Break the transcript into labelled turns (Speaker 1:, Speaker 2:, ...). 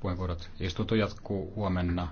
Speaker 1: puheenvuorot. Istunto jatkuu huomenna